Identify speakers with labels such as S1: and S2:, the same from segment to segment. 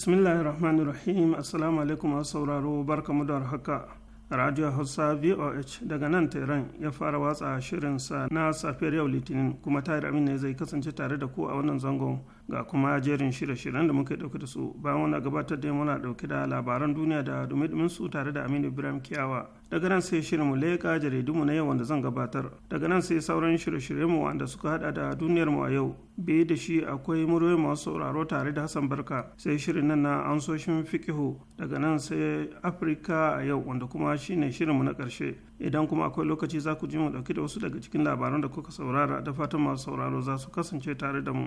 S1: bismillahir rahmanir rahim assalamu alaikum masu sauraro mu da haka radio hausa voh daga nan tehran ya fara watsa shirinsa na safiyar yau litinin kuma tare amin ne zai kasance tare da ku a wannan zangon ga kuma jerin shirye-shiryen da muka dauke da su bayan wani gabatar da muna dauke da labaran duniya da dumi su tare da aminu ibrahim kiyawa daga nan sai shirinmu leƙa mu na yau wanda zan gabatar daga nan sai sauran shirye-shiryenmu wanda suka hada da duniyar mu a yau biye da shi akwai muryoyi masu sauraro tare da hassan barka sai shirin nan na ansoshin fikihu daga nan sai afirka a yau wanda kuma shine shirin mu na karshe idan kuma akwai lokaci za ku ji mu ɗauki da wasu daga cikin labaran da kuka saurara da fatan masu sauraro za su kasance tare da mu.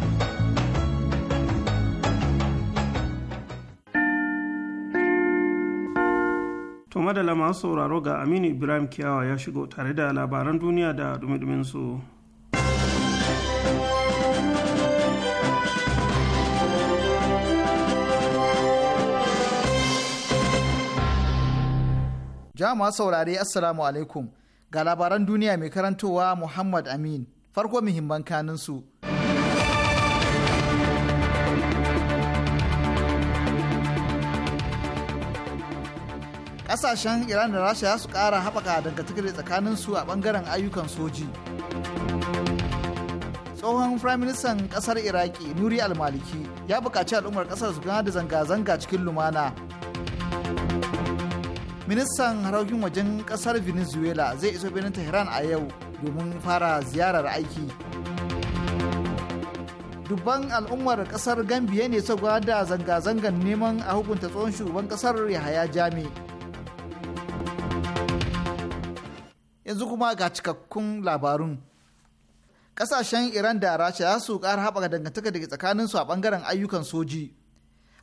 S1: To madala masu sauraro ga Aminu Ibrahim Kiyawa ya shigo tare da labaran duniya da dumi su.
S2: Jama'a saurare Assalamu alaikum ga labaran duniya mai karantowa Muhammad Amin farko muhimman kanunsu. kasashen iran da rasha ya su kara haɓaka dangantakar tsakanin su a ɓangaren ayyukan soji tsohon firaministan ƙasar iraki nuri almaliki ya buƙaci al'ummar ƙasar su gana da zanga-zanga cikin lumana ministan harokin wajen ƙasar venezuela zai iso birnin tehran a yau domin fara ziyarar aiki dubban al'ummar kasar gambiya ne su da zanga zangan neman a hukunta tsohon shugaban kasar yahaya jami yanzu kuma ga cikakkun labarun kasashen iran da rasha za su ƙara haɓaka dangantaka da tsakanin su a ɓangaren ayyukan soji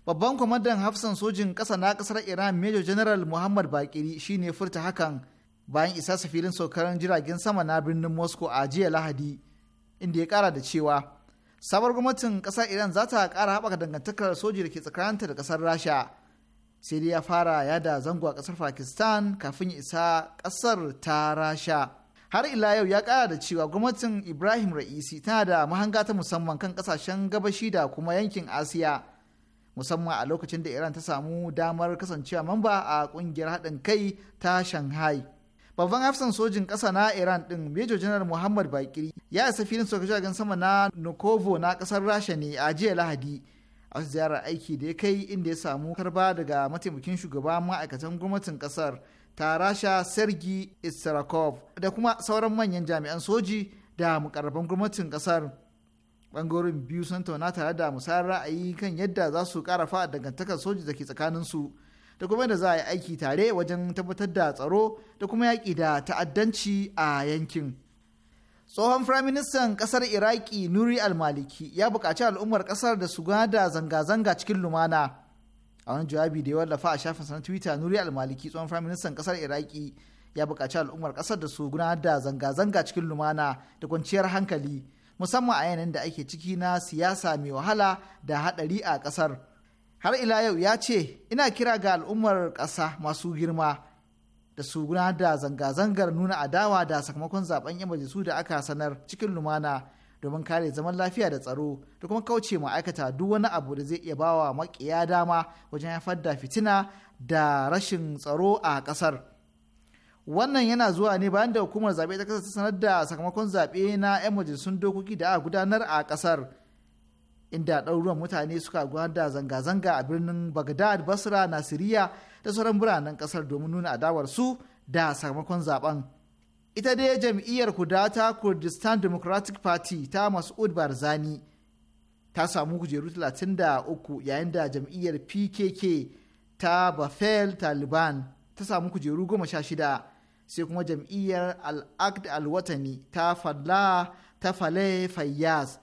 S2: babban kwamandan hafsan sojin ƙasa na ƙasar iran major general muhammad bakiri shine furta hakan bayan isa filin saukaran jiragen sama na birnin moscow a jiya lahadi inda ya ƙara da cewa sabar gwamnatin ƙasar iran za ta ƙara haɓaka dangantakar soji da ke tsakaninta da ƙasar rasha sai dai ya fara yada zango a kasar pakistan kafin isa kasar ta rasha har ila yau ya kara da cewa gwamnatin ibrahim ra'isi tana da mahanga ta musamman kan kasashen gabashi da kuma yankin asiya musamman a lokacin da iran ta samu damar kasancewa mamba a kungiyar haɗin kai ta shanghai babban hafsan sojin ƙasa na iran ɗin major general muhammad bakiri ya isa filin sojojin sama na nukovo na ƙasar rasha ne a jiya lahadi a ziyarar aiki da ya kai inda ya samu karba daga mataimakin shugaba ma'aikatan gwamnatin kasar tarasha sergi isarakov da kuma sauran manyan jami'an soji da mukarraban gwamnatin kasar bangarorin biyu sun tauna tare da musayar ra'ayi kan yadda za su kara fa dangantakar soji da ke tsakaninsu da kuma yadda za a yi aiki tare wajen tabbatar da tsaro da kuma yaƙi da ta'addanci a yankin. tsohon firaministan kasar iraki nuri almaliki ya buƙaci al'ummar kasar da su gada zanga-zanga cikin lumana a wani jawabi da ya wallafa a shafinsa na twitter nuri almaliki tsohon firaministan kasar iraki ya buƙaci al'ummar kasar da su gada da zanga-zanga cikin lumana da kwanciyar hankali musamman a yanayin da ake ciki na siyasa mai wahala da haɗari a kasar har ila yau ya ce ina kira ga al'ummar ƙasa masu girma da su da zanga-zangar nuna adawa da sakamakon zaben yan majalisu da aka sanar cikin lumana domin kare zaman lafiya da tsaro da kuma kauce ma'aikata duk wani abu da zai iya bawa makiya dama wajen haifar da fitina da rashin tsaro a kasar wannan yana zuwa ne bayan da hukumar zaɓe ta kasar ta sanar da sakamakon zaɓe na 'yan majalisun dokoki da a gudanar a kasar inda ɗaruruwan mutane suka gwada zanga-zanga a birnin bagdad basra nasiriya da sauran biranen ƙasar domin nuna adawar su da sakamakon zaben ita dai jam'iyyar kudata kurdistan democratic party ta mas'ud barzani ta samu kujeru 33 yayin da jam'iyyar pkk ta bafel taliban ta samu kujeru 16 sai kuma jam'iyyar al-aqd al-watani ta falla ta fale fayyaz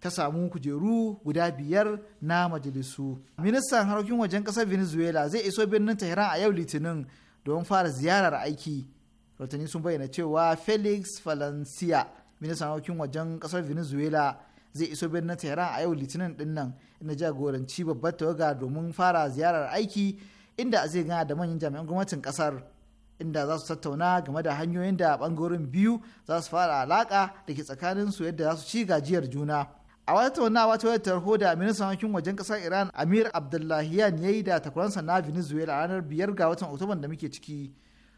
S2: ta samu kujeru guda biyar na majalisu. Ministan harkokin wajen kasar Venezuela zai iso birnin Tehran a yau Litinin don fara ziyarar aiki. Rotani sun bayyana cewa Felix Valencia, ministan harkokin wajen kasar Venezuela, zai iso birnin Tehran a yau Litinin din nan inda jagoranci babbar tawaga domin fara ziyarar aiki inda zai gana da manyan jami'an gwamnatin ƙasar. inda za su tattauna game da hanyoyin da bangarorin biyu za su fara alaka da ke tsakanin su yadda za su ci gajiyar juna. a wata tattaunawa ta wayar tarho da ministan harkokin wajen kasar iran amir abdullahiyan ya yi da takwaransa na venezuela a ranar biyar ga watan otoban da muke ciki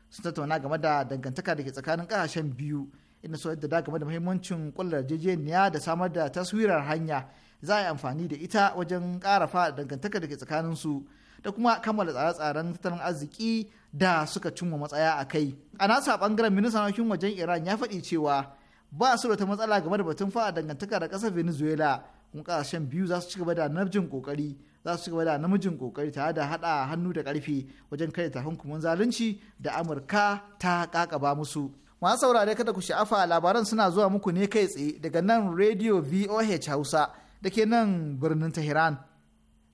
S2: sun tattauna game da dangantaka da ke tsakanin kasashen biyu inda su da game da muhimmancin kullar jejeniya da samar da taswirar hanya za a yi amfani da ita wajen kara karafa dangantaka da ke tsakanin su da kuma kammala tsare-tsaren tattalin arziki da suka cimma matsaya a kai a nasa bangaren ministan harkokin wajen iran ya faɗi cewa ba su da ta matsala game da batun fa'a dangantaka da ƙasar venezuela kuma ƙasashen biyu za su ci gaba da namijin ƙoƙari za su ci gaba da namijin ƙoƙari tare da haɗa hannu da ƙarfe wajen kai takunkumin zalunci da amurka ta ƙaƙaba musu masu saurare kada ku sha'afa labaran suna zuwa muku ne kai tsaye daga nan radio voh hausa da ke nan birnin tehran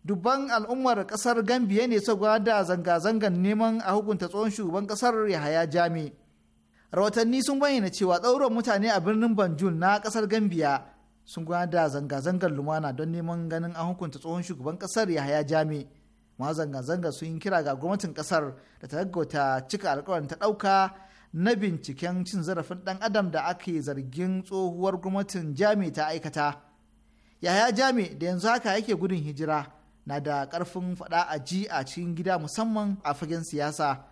S2: dubban al'ummar kasar gambiya ne su da zanga zangan neman a hukunta tsohon shugaban kasar yahaya jami rahotanni sun bayyana cewa ɗaurin mutane a birnin banjul na ƙasar gambia sun gudanar da zanga-zangar lumana don neman ganin an hukunta tsohon shugaban ƙasar yahaya jami ma zanga-zanga sun yi kira ga gwamnatin ƙasar da ta gaggauta cika alkawarin ta ɗauka na binciken cin zarafin ɗan adam da ake zargin tsohuwar gwamnatin jami ta aikata yahaya jami da yanzu haka yake gudun hijira na da ƙarfin faɗa a ji a cikin gida musamman a fagen siyasa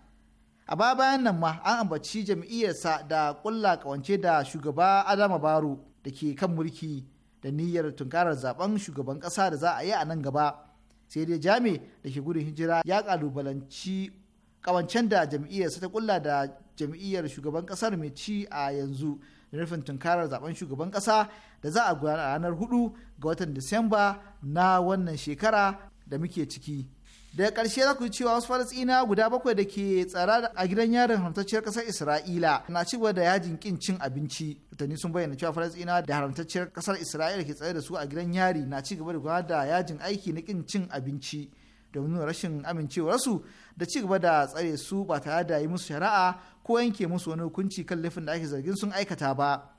S2: a ba bayan nan ma an ambaci jam'iyyarsa da ƙulla kawance da shugaba adama baro da ke kan mulki da niyyar tunkarar zaben shugaban ƙasa da za a yi a nan gaba sai dai jami da ke gudun hijira ya ƙalubalanci ƙawancen da jam'iyyarsa ta kulla da jam'iyyar shugaban ƙasar mai ci a yanzu da nufin tunkarar zaben shugaban ƙasa da za a gudanar a ranar hudu ga watan disamba na wannan shekara da muke ciki. daga ƙarshe za ku ji cewa wasu falasina guda bakwai da ke tsara a gidan yarin haramtacciyar ƙasar isra'ila na cigaba da yajin ƙin cin abinci tuni sun bayyana cewa falasina da haramtacciyar ƙasar isra'ila ke tsare da su a gidan yari na cigaba da gudanar da yajin aiki na ƙin cin abinci domin rashin amincewarsu da cigaba da tsare su ba tare da yi musu shari'a ko yanke musu wani hukunci kan laifin da ake zargin sun aikata ba.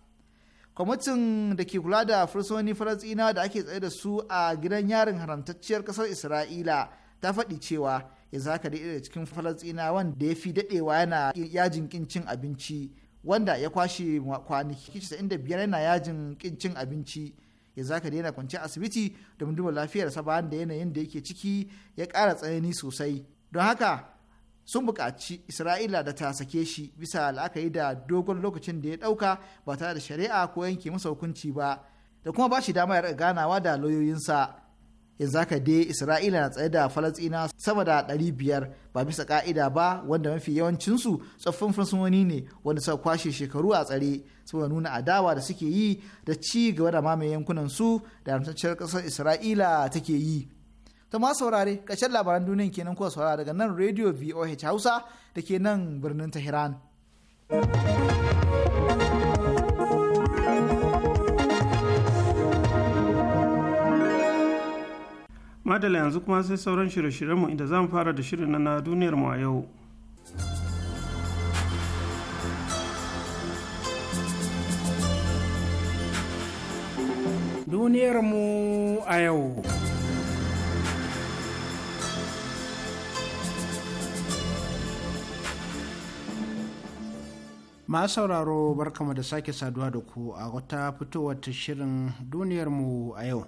S2: kwamitin da ke kula da fursoni falasina da ake tsaye da su a gidan yarin haramtacciyar ƙasar isra'ila ta faɗi cewa ya zaka da cikin falastinawan wanda ya fi daɗewa yana yajin ƙincin abinci wanda ya kwashe kwanaki 95 yana yajin ƙincin abinci ya zaka daina kwanci asibiti domin duba sa bayan da yanayin da yake ciki ya ƙara tsanani sosai don haka sun buƙaci isra'ila da ta sake shi bisa la'akari da dogon lokacin da ya ɗauka ba tare da shari'a ko yanke masa hukunci ba da kuma ba shi damar ganawa da lauyoyinsa yanzu haka dai isra'ila na tsaye da falastina sama da biyar ba bisa ka'ida ba wanda mafi yawancinsu tsoffin fursunoni ne wanda suka kwashe shekaru a tsare saboda nuna adawa da suke yi da ci gaba da mamaye yankunan su da haramtacciyar ƙasar isra'ila take yi ta ma saurare ƙarshen labaran duniyan kenan kuwa saurara daga nan radio voh hausa da ke nan birnin tehran
S1: madala yanzu kuma sai sauran shirye-shiryenmu inda zamu fara da shirin na duniyar mu a yau
S3: duniyar a yau masu sauraro barkamu da sake saduwa da ku a wata fitowar shirin duniyarmu a yau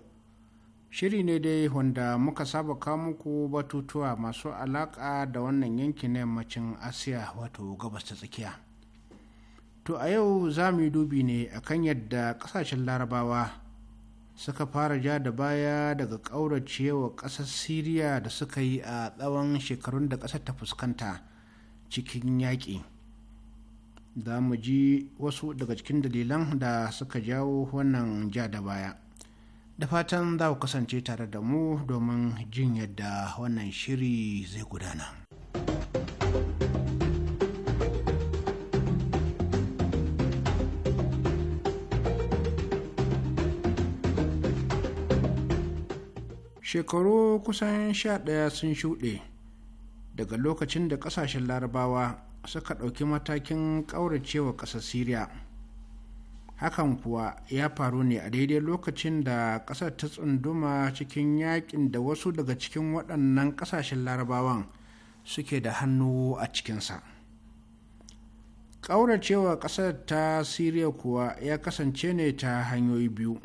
S3: shiri ne dai wanda muka saba kamuku muku batutuwa masu alaƙa da wannan yanki na yammacin asiya wato gabas ta tsakiya to a yau za mu yi dubi ne akan yadda ƙasashen larabawa suka fara ja da baya daga ƙauracewa ƙasar siriya da suka yi a tsawon shekarun da ƙasar ta fuskanta cikin yaƙi za mu ji wasu daga cikin dalilan da suka jawo wannan ja da baya da fatan za ku kasance tare da mu domin jin yadda wannan shiri zai gudana. shekaru kusan sha ɗaya sun shuɗe daga lokacin da ƙasashen larabawa suka ɗauki matakin ƙauracewa ƙasar syria hakan kuwa ya faru ne a daidai lokacin da ƙasar ta tsunduma cikin yakin da wasu daga cikin waɗannan ƙasashen larabawan suke da hannu a cikinsa ƙauracewa ƙasar ta siriya kuwa ya kasance ne ta hanyoyi biyu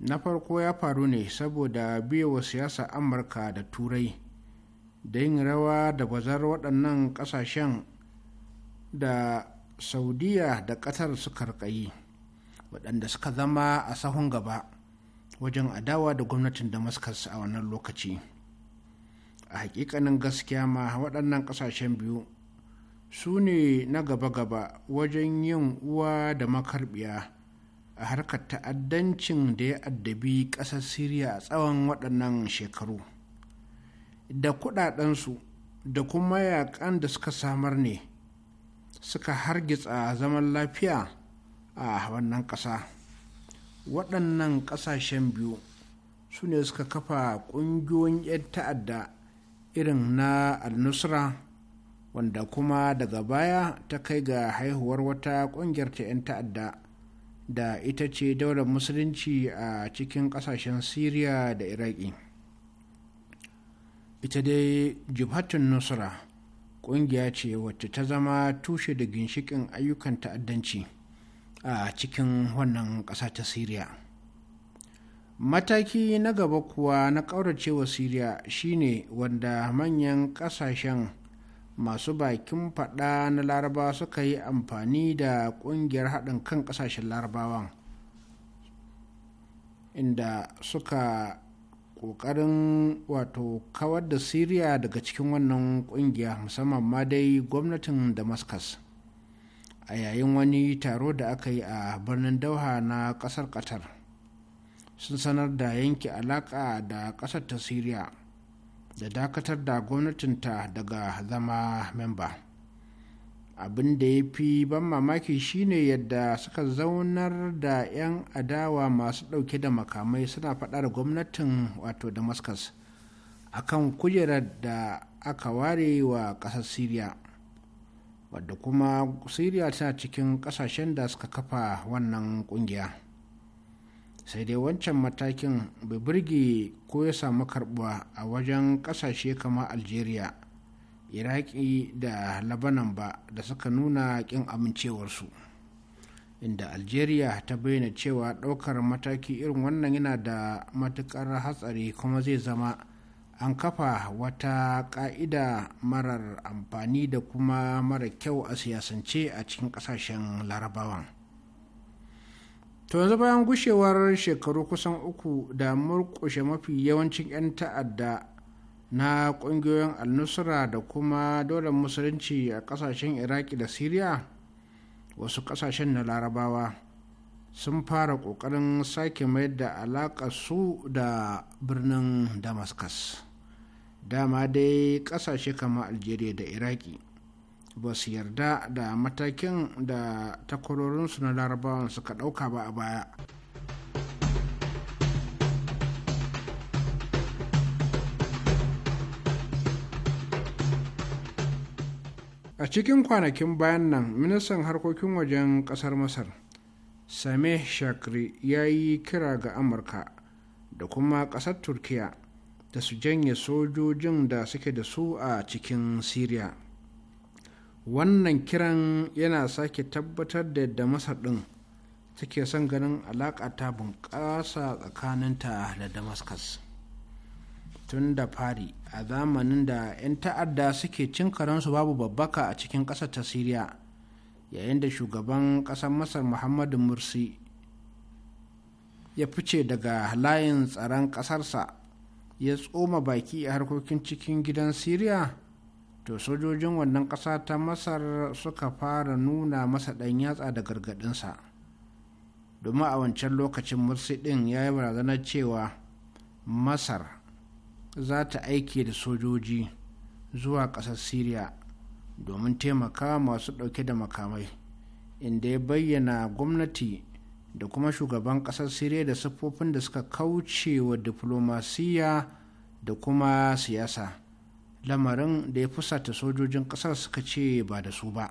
S3: na farko ya faru ne saboda biyewa siyasa amurka da turai da yin rawa da bazar waɗannan ƙasashen da saudiya da ƙasar suka rikayi waɗanda suka zama a sahun gaba wajen adawa da gwamnatin damascus a wannan lokaci a hakikanin gaskiya ma waɗannan ƙasashen biyu su ne na gaba-gaba wajen yin uwa da makarbiya a harkar ta'addancin da ya addabi ƙasar siriya a tsawon waɗannan shekaru da kuɗaɗensu da kuma yaƙan da suka samar ne suka hargitsa zaman lafiya a wannan ƙasa waɗannan ƙasashen biyu su ne suka kafa ƙungiyoyin 'yan ta'adda irin na al-nusra wanda kuma daga baya ta kai ga haihuwar wata ƙungiyar ta 'yan ta'adda da ita ce daular musulunci a cikin ƙasashen Siriya da iraki ita dai jihatun nusra ƙungiya ce wacce ta zama tushe da ginshikin ayyukan ta'addanci a cikin wannan ƙasa ta Siriya. mataki na gaba kuwa na ƙauracewa Siriya shine wanda manyan ƙasashen masu bakin faɗa na laraba suka yi amfani da ƙungiyar haɗin kan ƙasashen larabawa inda suka kokarin wato kawar da syria daga cikin wannan kungiya musamman ma dai gwamnatin damascus a yayin wani taro da aka yi a birnin dauha na kasar qatar sun sanar da yanke alaka da kasar ta syria da dakatar da gwamnatinta daga zama memba. abin da ya fi ban mamaki shine yadda suka zaunar da 'yan adawa masu ɗauke da makamai suna faɗa da gwamnatin wato damascus akan kujerar da aka ware wa ƙasar syria wadda kuma syria tana cikin ƙasashen da suka kafa wannan ƙungiya sai dai wancan matakin bai burge ko ya samu karɓuwa a wajen ƙasashe kamar algeria iraki da labanan ba da suka nuna ƙin amincewarsu inda algeria ta bayyana cewa ɗaukar mataki irin wannan yana da matuƙar hatsari kuma zai zama an kafa wata ƙa'ida marar amfani da kuma mara kyau a siyasance a cikin ƙasashen larabawan to yanzu bayan gushewar shekaru kusan uku da murƙushe mafi yawancin 'yan ta'adda na ƙungiyoyin al-nusra da kuma dole musulunci a ƙasashen iraki da syria wasu ƙasashen na larabawa sun fara kokarin sake mayar da alaƙa su da birnin damascus dama dai ƙasashe kama algeria da iraki ba su yarda da matakin da takwarorinsu na larabawan suka ɗauka ba a baya a cikin kwanakin bayan nan ministan harkokin wajen kasar masar same shakri ya yi kira ga amurka da kuma kasar turkiya da su janye sojojin da suke da su a cikin syria wannan kiran yana sake tabbatar da yadda masar ɗin take son ganin alaƙa ta bunƙasa tsakaninta da damascus tun da fari a zamanin da 'yan ta'adda suke cin karansu babu babbaka a cikin ƙasar ta siriya yayin da shugaban ƙasar masar muhammadu mursi ya fice daga layin tsaron ƙasarsa ya tsoma baki a harkokin cikin gidan siriya to sojojin wannan ƙasa ta masar suka fara nuna masa ɗan yatsa da gargaɗinsa domin a wancan lokacin mursi ɗin ya yi barazanar cewa masar za ta aike da sojoji zuwa ƙasar syria domin taimaka masu ɗauke da makamai inda ya bayyana gwamnati da kuma shugaban ƙasar syria da siffofin da suka kauce wa diflomasiya da kuma siyasa lamarin da ya fusata sojojin ƙasar suka ce ba da su ba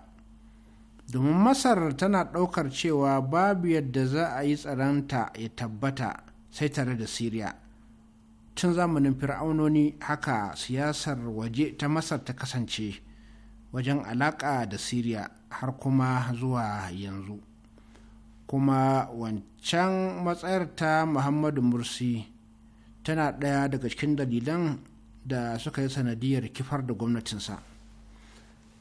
S3: domin masar tana ɗaukar cewa babu yadda za a yi tsaronta ya tabbata sai tare da syria tun zamanin fir'aunoni haka siyasar waje ta masar ta kasance wajen alaƙa da siriya har kuma zuwa yanzu kuma wancan matsayar ta muhammadu mursi tana ɗaya daga cikin dalilan da suka yi sanadiyar kifar da gwamnatinsa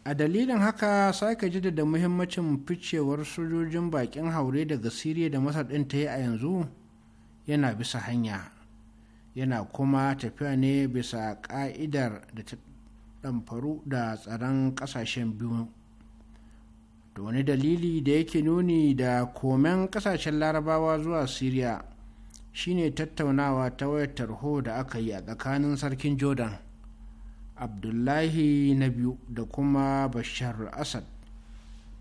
S3: a dalilin haka sake jaddada muhimmancin ficewar sojojin bakin haure daga siriya da masar ɗin ta yi a yanzu yana bisa hanya yana kuma tafiya ne bisa ka'idar da ta ɗamfaru da tsaron ƙasashen biyu da wani dalili da yake nuni da komen ƙasashen larabawa zuwa syria shine tattaunawa ta wayar tarho da aka yi a tsakanin sarkin jordan abdullahi na biyu da kuma bashar asad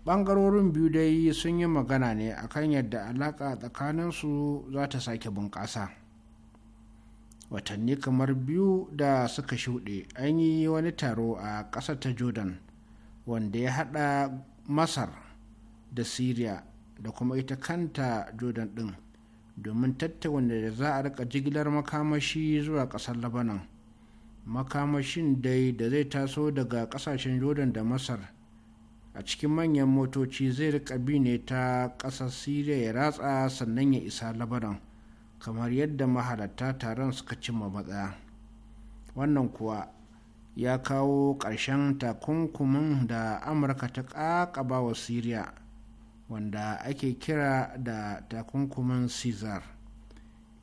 S3: ɓangarorin biyu dai sun yi magana ne akan yadda alaƙa tsakaninsu za ta sake bunƙasa. watanni kamar biyu da suka shuɗe an yi wani taro a ƙasar ta jordan wanda ya haɗa masar da syria da kuma ita kanta jordan ɗin domin tattauna da za a rika jigilar makamashi zuwa ƙasar labanan makamashin dai da zai taso daga ƙasashen jordan da masar a cikin manyan motoci zai rika bi ne ta ƙasar syria ya ratsa sannan ya isa labanan kamar yadda mahalarta taron suka cimma matsaya wannan kuwa ya kawo ƙarshen takunkumin da amurka ta ƙaƙaba wa syria wanda ake kira da takunkumin caesar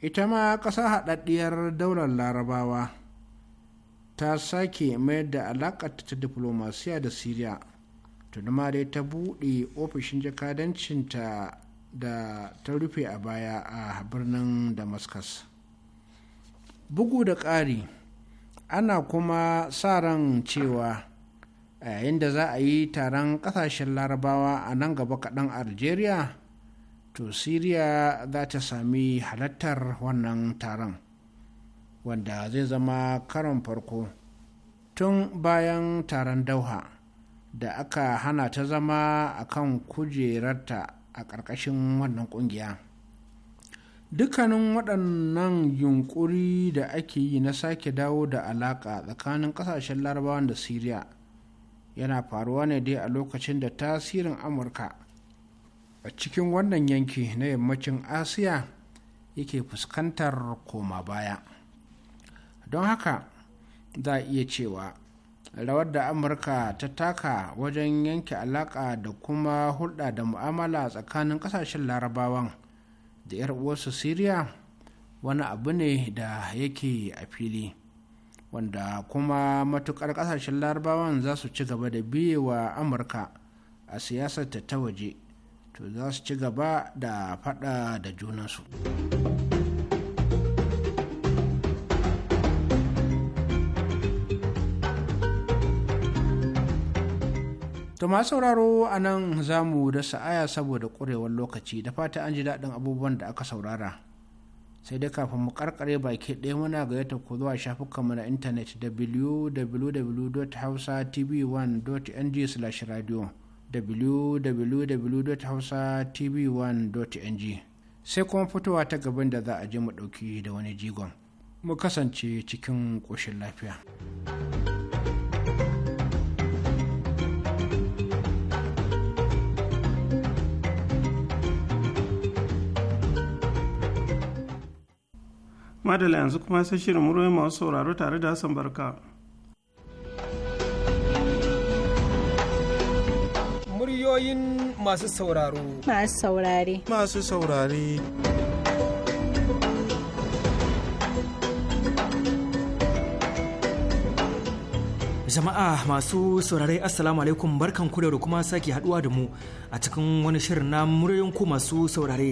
S3: ita ma ƙasa haɗaɗɗiyar daular larabawa ta sake mayar da alaƙa ta diplomasiya da syria tuni dai ta buɗe ofishin jakadancinta da ta rufe a baya a birnin damascus bugu da ƙari ana kuma sa ran cewa a yayin da za a yi taron ƙasashen larabawa a nan gaba kaɗan algeria to syria za ta sami halattar wannan taron wanda zai zama karon farko tun bayan taron dauha da aka hana ta zama akan kujerarta a ƙarƙashin wannan ƙungiya dukkanin waɗannan yunƙuri da ake yi na sake dawo da alaƙa tsakanin ƙasashen larabawan da siriya yana faruwa ne dai a lokacin da tasirin amurka a cikin wannan yanki na yammacin asiya yake fuskantar koma baya don haka za a iya cewa rawar da amurka ta taka wajen yanke alaƙa da kuma hulɗa da mu'amala tsakanin ƙasashen larabawan da 'yar uwarsu syria wani abu ne da yake a fili wanda kuma matukar ƙasashen larabawan za su ci gaba da biye wa amurka a siyasar ta waje to za su ci gaba da faɗa da junansu. To ma sauraro a nan za mu da sa'aya saboda ƙurewar lokaci da fata an ji daɗin abubuwan da aka saurara. Sai dai kafin mu karkare baki ɗaya muna gayyata ku zuwa shafukanmu na intanet www.hausatv1.ng/radio www.hausatv1.ng sai kuma fitowa ta gaban da za a je mu ɗauki da wani jigon. Mu kasance cikin ƙoshin lafiya.
S1: madala yanzu kuma sai shirin murwai masu sauraro tare da hassan barka
S4: muryoyin masu sauraro
S5: masu saurare masu saurare
S4: jama'a masu saurare assalamu alaikum barkan kudar da kuma sake haduwa da mu a cikin wani shirin na muryoyin ku masu saurare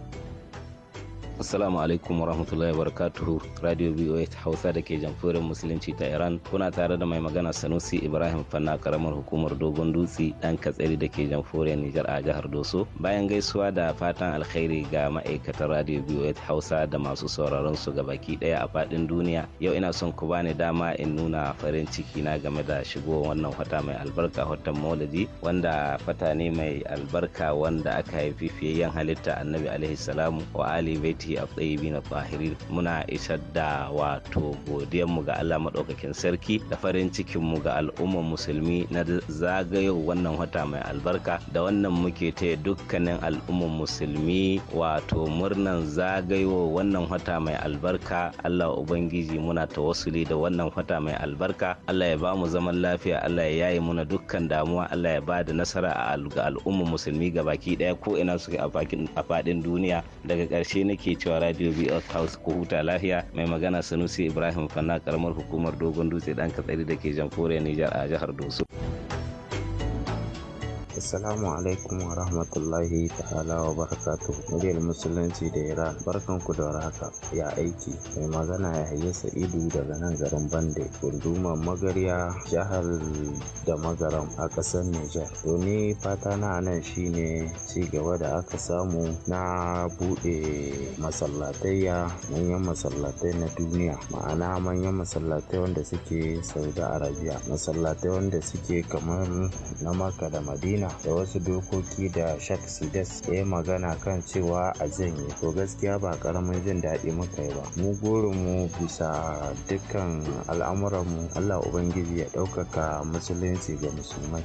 S6: Assalamu alaikum warahmatullahi wabarakatuh. Radio ta Hausa da ke jamfurin Musulunci ta Iran kuna tare da mai magana Sanusi Ibrahim Fanna karamar hukumar Dogon Dutse dan Katsari da ke jamfurin Nijar a jihar Doso. Bayan gaisuwa da fatan alkhairi ga ma'aikatan Radio ta Hausa da masu sauraron su ga baki daya a fadin duniya. Yau ina son ku bani dama in nuna farin ciki na game da shigo wannan wata mai albarka watan Maulidi wanda fata ne mai albarka wanda aka haifi fiye fiyayyen halitta Annabi alaihi salamu wa ali baiti a bi na tsahiri muna isar da wato godiyanmu ga Allah maɗaukakin sarki da farin cikin mu ga al'ummar musulmi na zagayo wannan wata mai albarka da wannan muke taya dukkanin al'ummar musulmi wato murnan zagayo wannan wata mai albarka Allah Ubangiji muna ta wasuli da wannan wata mai albarka Allah ya ba mu zaman lafiya Allah ya yaye muna dukkan damuwa Allah ya ba da nasara a al'ummar musulmi ga baki ɗaya ko ina suke a faɗin duniya daga ƙarshe nake cewa radio ot house ko huta lafiya mai magana sanusi ibrahim fanna karamar hukumar dogon dutse dan katsari da ke jamhuriyar nijar a jihar doso Assalamu alaikum wa rahmatullahi ta'ala wa barakatuh. Muryar Musulunci da Iran
S7: barkan ku da warhaka. Ya aiki mai magana ya hayya Sa'idu daga nan garin Bande, gunduma Magarya, jihar da Magaram a ƙasar Nijar. To ni fata na nan shine ci gaba da aka samu na buɗe masallatayya manyan masallatai na duniya. Ma'ana manyan masallatai wanda suke Saudi Arabia, masallatai wanda suke kamar na Makka da Madina da wasu dokoki da shak sides ya yi magana kan cewa a janye to gaskiya ba karamin jin daɗi muka yi ba mu mu bisa dukkan al'amuranmu allah ubangiji ya ɗaukaka musulunci ga musulmai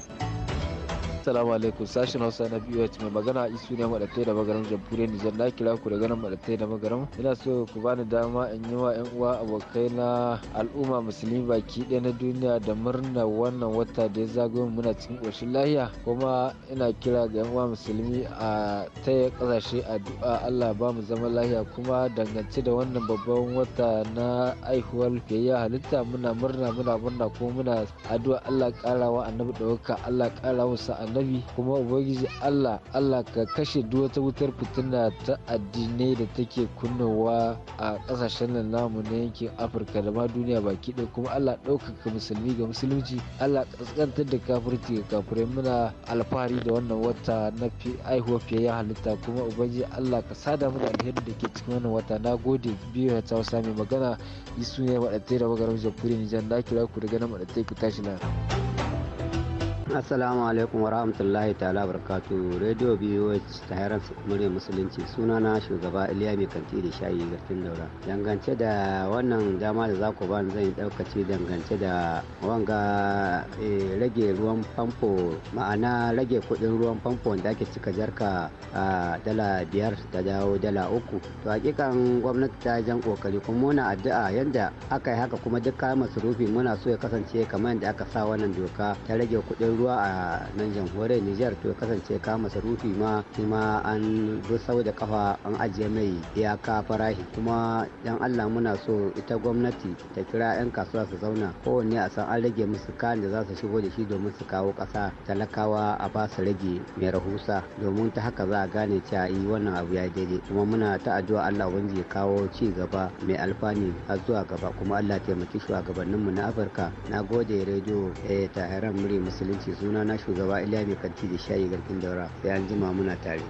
S7: assalamu
S8: alaikum sashen hausa na biyu mai magana isu ne madatai da magaran jamhuriyar nijar na kira ku da ganin madatai da magaran ina so ku bani dama in yi wa yan uwa abokai na al'umma musulmi baki ɗaya na duniya da murna wannan wata da ya min muna cikin ƙoshin lahiya kuma ina kira ga yan uwa musulmi a taya ƙasashe addu'a allah ba mu zama lahiya kuma dangance da wannan babban wata na aihuwar fiyayya halitta muna murna muna murna kuma muna addu'a allah ƙara wa annabi ɗauka allah ƙara wa sa'an annabi kuma ubangiji allah allah ka kashe duk wata wutar fitina ta addinai da take kunnawa a kasashen nan namu na yankin afirka da ma duniya baki ɗaya kuma allah ɗaukaka musulmi ga musulunci allah ƙasƙantar da kafirci ga kafirai muna alfahari da wannan wata na aihuwa fiye ya halitta kuma ubangiji allah ka sada mu da alheri da ke cikin wannan wata na gode biyu ya ta sami magana yi ne maɗatai da magarin jamhuriyar nijar na kira ku daga nan ku tashi na.
S9: assalamu alaikum wa rahmatullahi ta'ala barkatu radio boh ta heran murya musulunci sunana shugaba iliya mai kanti da shayi garkin daura dangance da wannan dama da za ku ba zan yi daukaci dangance da wanga eh, rage ruwan famfo ma'ana rage kudin ruwan famfo da ake cika jarka a dala biyar ta dawo dala uku to hakikan gwamnati ta jan kokari kuma muna addu'a yadda aka yi haka kuma duk kayan masarufi muna so ya kasance kamar yadda aka sa wannan doka ta rage kudin ruwan rayuwa a nan jamhuriyar Nijar to kasance ka masarufi ma shi an sau da kafa an ajiye mai iyaka farahi kuma yan Allah muna so ita gwamnati ta kira 'yan kasuwa su zauna kowanne a san an rage musu kayan da za su shigo da shi domin su kawo kasa talakawa a ba su rage mai rahusa domin ta haka za a gane cewa yi wannan abu ya daidai kuma muna ta addu'a Allah wanda ya kawo ci gaba mai alfani a zuwa gaba kuma Allah taimaki shugabanninmu na Afirka na gode rediyo eh, ta Haram Muri Musulunci ke suna na shugaba iliya mai kanti da shayi garkin daura sai an jima muna tare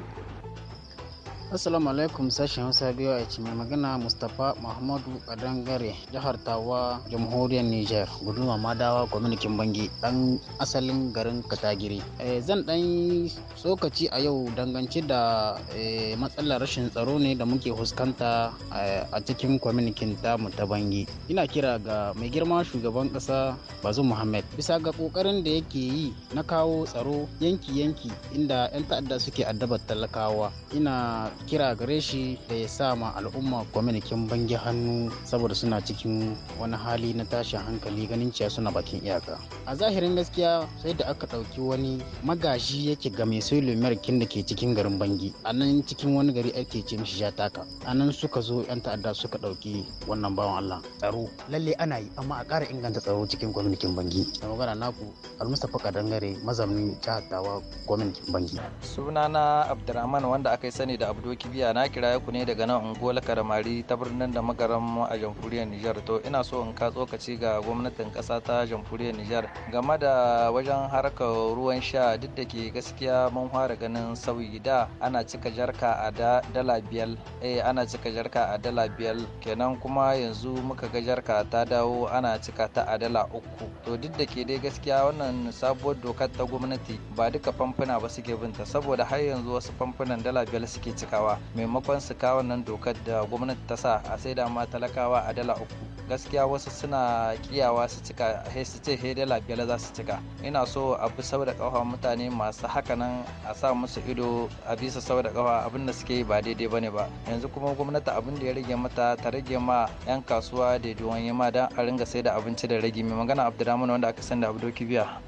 S10: Assalamu alaikum sashen Hausa biyu a mai magana Mustapha Muhammadu Kadangare jihar Tawa jamhuriyar Niger guduma Madawa kwaminikin Bangi dan asalin garin Katagiri. Eh, zan dan tsokaci a yau dangance da eh, matsalar rashin tsaro ne da muke fuskanta eh, a cikin kwaminikin tamu ta Bangi. Ina kira ga mai girma shugaban kasa bazu Muhammad bisa ga kokarin da yake yi na kawo tsaro yanki-yanki inda 'yan ta'adda suke addabar talakawa. Ina kira gare shi da ya sa ma al'umma kwaminikin bangi hannu saboda suna cikin wani hali na tashin hankali ganin cewa suna bakin iyaka a zahirin gaskiya sai da aka ɗauki wani magashi yake ga mai sai lumiyarkin da ke cikin garin bangi a nan cikin wani gari ake ce mishi ja taka a nan suka zo yan ta'adda suka ɗauki wannan bawan allah tsaro lalle ana yi amma a ƙara inganta tsaro cikin gwamnatin bangi da magana naku almustapha kadangare mazaunin jihar tawa gwamnatin
S5: bangi sunana abdurrahman wanda aka yi sani da abdu doki biya na kira ku ne daga nan unguwar karamari ta birnin da magaran a jamhuriyar nijar to ina so in ka tsokaci ga gwamnatin kasa ta jamhuriyar nijar game da wajen harkar ruwan sha duk da ke gaskiya mun fara ganin sauyi da ana cika jarka a dala biyar eh ana cika jarka a dala biyar kenan kuma yanzu muka ga jarka ta dawo ana cika ta a dala uku to duk da ke dai gaskiya wannan sabuwar dokar ta gwamnati ba duka famfuna ba suke binta saboda har yanzu wasu famfunan dala biyar suke cika talakawa maimakon su kawo nan dokar da gwamnati ta sa a saida ma talakawa a dala uku gaskiya wasu suna kiyawa su cika he su ce he dala biyar za su cika ina so a bi sau da kafa mutane masu haka nan a sa musu ido a bisa sau da kafa abin da suke ba daidai bane ba yanzu kuma gwamnati abin da ya rage mata ta rage ma yan kasuwa da duwan ma dan a ringa sai da abinci da rage mai magana abdurrahman wanda aka sanda abdoki biya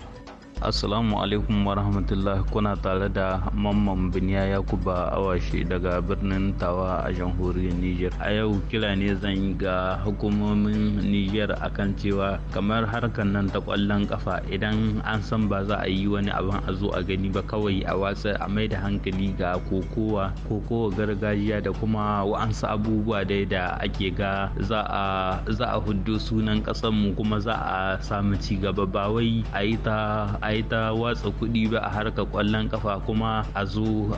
S7: Assalamu alaikum warahmatullahi kuna tare da mamman biniya yakuba awashi daga birnin tawa a jamhuriyar Nijar. A yau kira ne zan yi ga hukumomin Nijar akan cewa kamar harkar nan ta kwallon kafa idan an san ba za a yi wani abin a zo a gani ba kawai a watsa a mai da hankali ga kokowa kokowa gargajiya da kuma wa'ansu abubuwa dai da ake ga za a za a huddo sunan kasanmu kuma za a samu cigaba ba wai a yi ta a yi ta watsa kuɗi ba a harkar kwallon kafa kuma a zo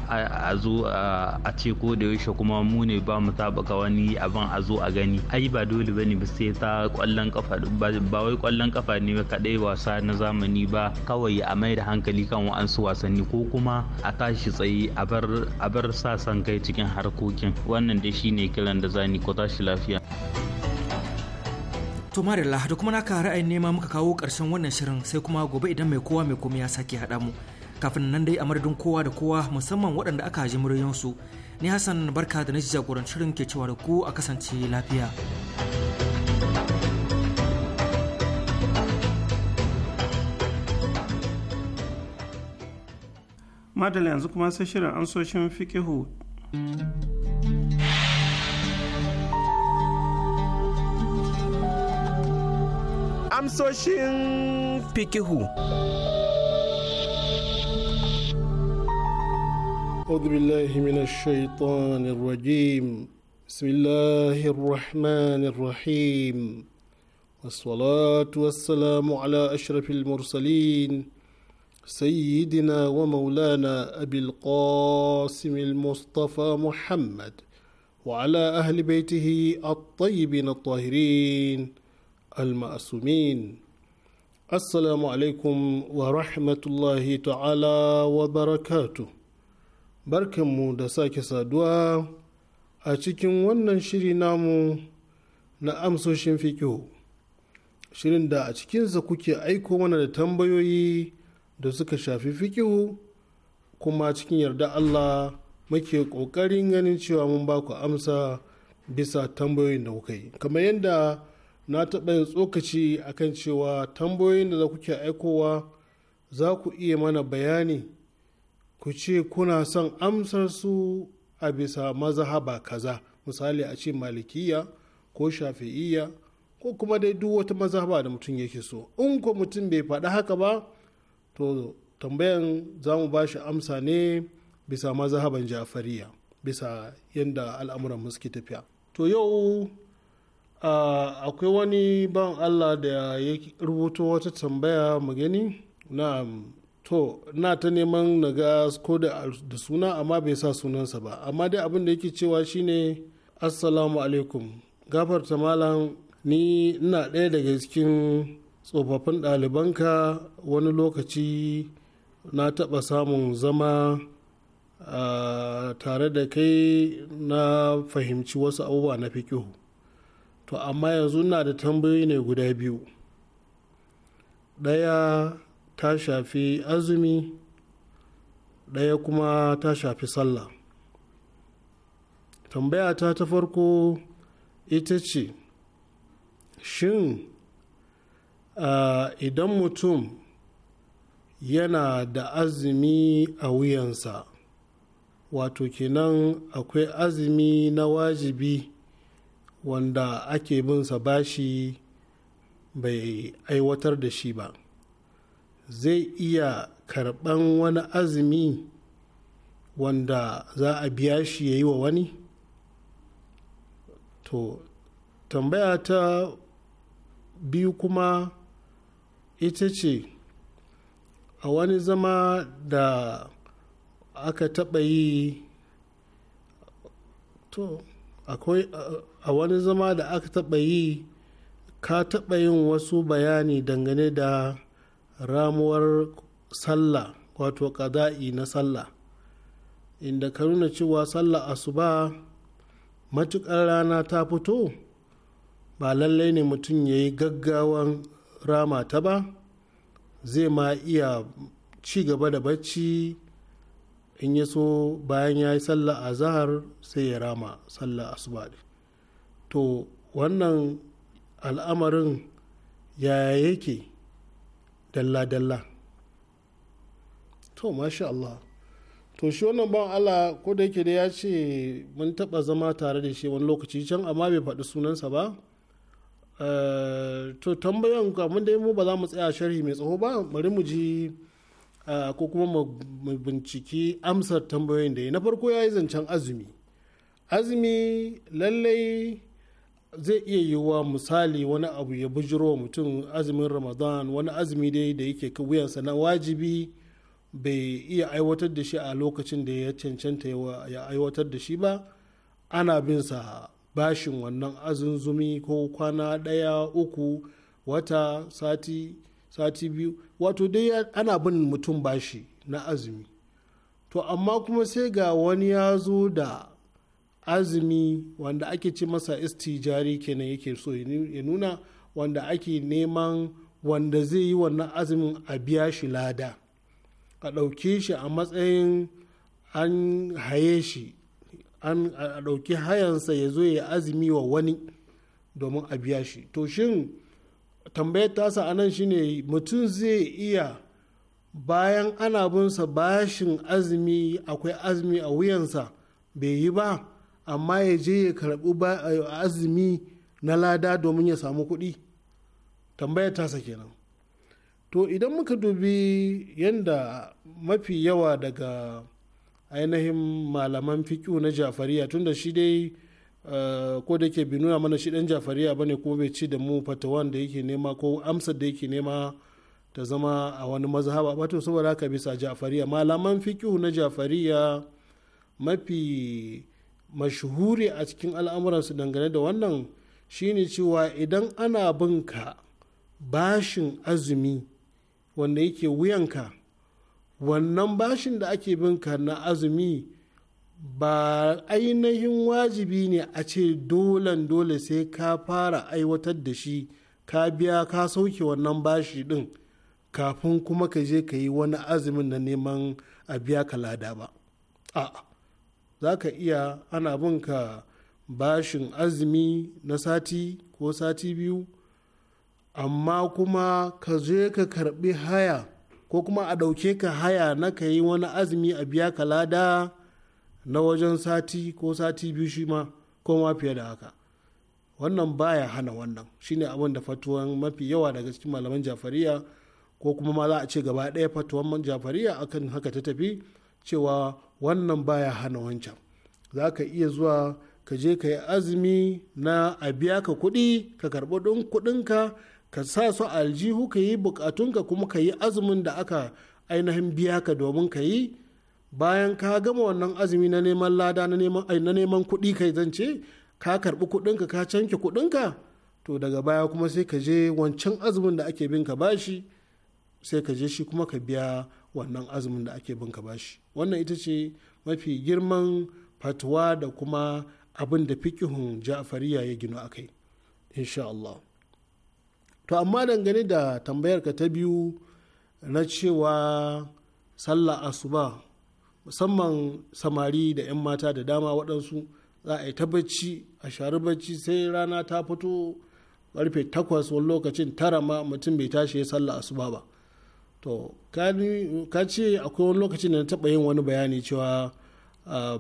S7: a ce ko da yaushe kuma mu ne ba mu sabaka wani abin a zo a gani ai ba dole ba ne ba sai ta kwallon kafa ba wai ƙwallon kafa ne ba kaɗai wasa na zamani ba kawai a mai da hankali kan wa'ansu wasanni ko kuma a tashi tsaye a bar sa san kai cikin harkokin wannan dai shine kiran da zani ko tashi lafiya
S4: To Marilla da kuma naka ra'ayin nema muka kawo ƙarshen wannan shirin sai kuma gobe idan mai kowa mai komai ya sake haɗa mu. Kafin nan dai a madadin kowa da kowa musamman waɗanda aka ji muryoyinsu. Ni Hassan barka da na jagoran shirin ke cewa da ku a kasance lafiya.
S1: Madalla yanzu kuma sai shirin ansoshin fikihu.
S6: amsoshin pikihu
S11: أعوذ بالله من الشيطان الرجيم بسم الله الرحمن الرحيم والصلاة والسلام على أشرف المرسلين سيدنا ومولانا أبي القاسم المصطفى محمد وعلى أهل بيته الطيبين الطاهرين assalamu wa wa rahmatullahi ta'ala wa barakatu. barkanmu da sake saduwa a cikin wannan shiri namu na amsoshin fikihu shirin da a cikinsa kuke aiko mana da tambayoyi da suka shafi fikihu kuma cikin yarda Allah muke ƙoƙarin ganin cewa mun ba ku amsa bisa tambayoyin da kuka yi kamar yadda na taɓa yin tsokaci a kan cewa tambayoyin da za ku kuke aikowa za ku iya mana bayani ku ce kuna son amsar su a bisa mazahaba kaza misali a ce malikiya ko shafi'iya ko kuma dai duk wata mazahaba da mutum yake so in ko mutum bai faɗi haka ba to tambayan za mu ba shi amsa ne bisa mazhaban jafariya bisa yadda al'amuran suke tafiya to yau akwai wani ban allah da ya rubuto wata tambaya mu gani na to na ta neman na ga ko da suna amma bai sa sunansa ba amma dai abin da yake cewa shine assalamu alaikum ta malam ni na ɗaya daga cikin tsofaffin ɗalibanka wani lokaci na taɓa samun zama tare da kai na fahimci wasu abubuwa na fikihu. to amma yanzu na da tambayoyi ne guda biyu ɗaya ta shafi azumi ɗaya kuma ta shafi sallah tambaya ta ta farko ita ce shin idan mutum yana da azumi a wuyansa wato kenan akwai azumi na wajibi wanda ake bin sa bashi bai aiwatar da shi ba zai iya karɓan wani azumi wanda za a biya shi ya yi wa wani to tambaya ta biyu kuma ita ce a wani zama da aka taɓa yi to a wani zama da aka taɓa yi ka taɓa yin wasu bayani dangane da ramuwar sallah wato ƙada'i na sallah inda ka nuna cewa sallah asuba matuƙar rana ta fito ba lallai ne mutum ya yi gaggawan rama ta ba zai ma iya ci gaba da bacci in ya so bayan ya yi sallah a zahar sai ya rama sallah asuba ɗin to wannan al'amarin ya yake dalla-dalla to masha Allah to shi wannan ban Allah ko da yake da ya ce mun taba zama tare da shi wani lokaci can amma bai faɗi sunansa ba eh, to tambayan kamun dai mu ba za mu tsaya sharhi mai tsaho ba bari mu ji eh, ko kuma mu binciki amsar tambayoyin da ya na farko ya yi zancen azumi azumi lallai zai iya yiwuwa misali wani abu ya bujiro mutum azumin ramadan wani azumi dai da yake wuyansa na wajibi bai iya aiwatar da shi a lokacin da ya cancanta ya aiwatar da shi ba ana bin sa bashin wannan azunzumi ko kwana ɗaya uku wata sati sati biyu wato dai ana bin mutum bashi na azumi to amma kuma sai ga wani ya zo da azumi wanda ake ce masa istijari kenan yake so ya nuna wanda ake neman wanda zai yi wannan azumin a biya shi lada a ɗauke shi a matsayin an haye shi a ɗauki hayansa ya zo ya azumi wa wani domin a biya shi to shin tambayar tasa anan shine mutum zai iya bayan ana binsa bashin azumi akwai azumi a wuyansa bai yi ba amma ya je ya karɓi eh, azumi na lada domin ya samu kuɗi ta tasa kenan to idan muka dubi yadda mafi yawa daga ainihin malaman fiƙu na jafariya tunda shi dai eh, ko da ke bi nuna mana shi dan jafariya bane ko bai ci da mu fatawan da yake nema ko amsar da yake nema ta zama a wani mazhaba ba to saboda haka bisa jafariya malaman fiqhu na jafariya mafi mashhuri a cikin al'amuransu dangane da wannan shine cewa idan ana bin ka bashin azumi wanda yake wuyanka wannan bashin da ake bin na azumi ba ainihin wajibi ne a ce dolan dole sai ka fara aiwatar da shi ka biya ka sauke wannan bashi din kafin kuma ka je ka yi wani azumin na neman a biya ka lada ba a'a za ka iya ana bin ka bashin azumi na sati ko sati biyu amma kuma ka je ka karbi haya ko kuma a ɗauke ka haya na ka yi wani azumi a biya ka lada na wajen sati ko sati biyu shi ma ko ma fiye da haka wannan baya hana wannan shine abin da fatuwan mafi yawa daga cikin malaman jafariya ko kuma ma za a ce gaba ɗaya fatuwan jafariya akan haka ta tafi cewa wannan baya hana wancan za ka iya zuwa ka je ka yi azumi na a biya ka kuɗi ka karɓi ɗin kuɗinka ka sa su aljihu ka yi bukatunka kuma ka yi azumin da aka ainihin biya ka domin ka yi bayan ka gama wannan azumi na neman lada na neman kuɗi kai zance ka karɓi kuɗinka ka canke kuɗinka to daga baya kuma sai ka je wancan azumin da ake bin ka bashi sai ka je shi kuma ka biya wannan azumin da ake bin ka bashi wannan ita ce mafi girman fatuwa da kuma abin da fikihun ja'fariya ya gino akai insha Allah to amma dangane da tambayar ka ta biyu na cewa sallah asuba musamman samari da 'yan mata da dama waɗansu za a yi ta bacci a shari bacci sai rana ta fito karfe takwas wani lokacin tara ma mutum bai tashi ya sallah asuba ba to ka ce akwai wani lokacin da na taɓa yin wani bayani cewa